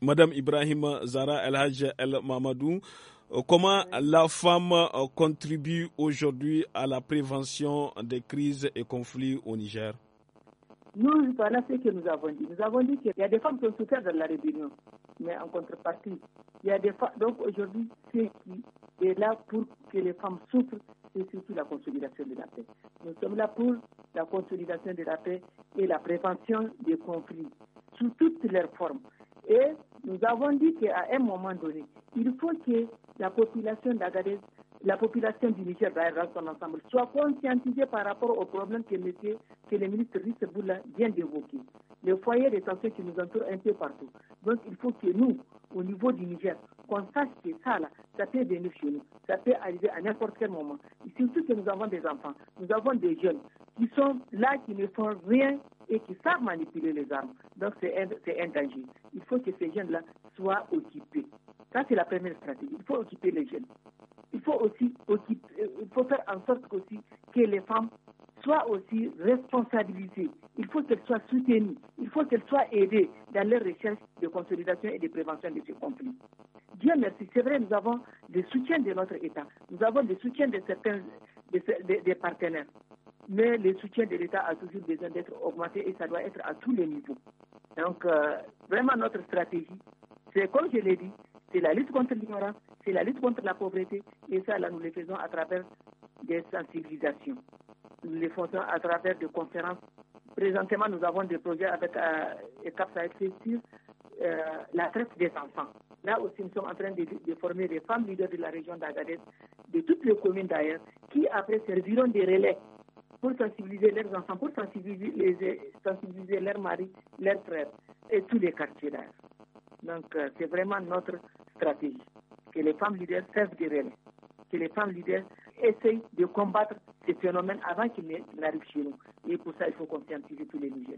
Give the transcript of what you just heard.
Madame Ibrahim Zara El Hajj El Mamadou, euh, comment la femme euh, contribue aujourd'hui à la prévention des crises et conflits au Niger Nous, voilà ce que nous avons dit. Nous avons dit qu'il y a des femmes qui ont souffert dans la rébellion, mais en contrepartie, il y a des femmes. Donc aujourd'hui, ce qui est là pour que les femmes souffrent, c'est surtout la consolidation de la paix. Nous sommes là pour la consolidation de la paix et la prévention des conflits sous toutes leurs formes. Et nous avons dit qu'à un moment donné, il faut que la population d'Agadez, la population du Niger dans ensemble, soit conscientisée par rapport au problème que, le ministre Risseboula vient d'évoquer. Les foyers de tension qui nous entourent un peu partout. Donc il faut que nous, au niveau du Niger, qu'on sache que ça, là, ça peut venir chez nous. Ça peut arriver à n'importe quel moment. surtout que nous avons des enfants, nous avons des jeunes qui sont là, qui ne font rien et qui savent manipuler les armes. Donc c'est un, danger. Il faut que ces jeunes-là soient occupés. Ça, c'est la première stratégie. Il faut occuper les jeunes. Il faut aussi euh, faut faire en sorte aussi que les femmes soient aussi responsabilisées. Il faut qu'elles soient soutenues. Il faut qu'elles soient aidées dans leur recherche de consolidation et de prévention de ce conflit. Dieu merci, c'est vrai, nous avons le soutien de notre État. Nous avons le soutien de certains partenaires mais le soutien de l'État a toujours besoin d'être augmenté et ça doit être à tous les niveaux. Donc, euh, vraiment, notre stratégie, c'est comme je l'ai dit, c'est la lutte contre l'ignorance, c'est la lutte contre la pauvreté, et ça, là, nous le faisons à travers des sensibilisations. Nous le faisons à travers des conférences. Présentement, nous avons des projets avec ECAP euh, sur euh, la traite des enfants. Là aussi, nous sommes en train de, former des femmes leaders de la région d'Agadez, de toutes les communes d'ailleurs, qui après serviront des relais pour sensibiliser leurs enfants, pour sensibiliser, les, sensibiliser leurs maris, leurs frères et tous les quartiers là. Donc, euh, c'est vraiment notre stratégie. Que les femmes leaders servent de relais. Que les femmes leaders essayent de combattre ces phénomènes avant qu'ils n'arrivent chez nous. Et pour ça, il faut conscientiser tous les Nigériens.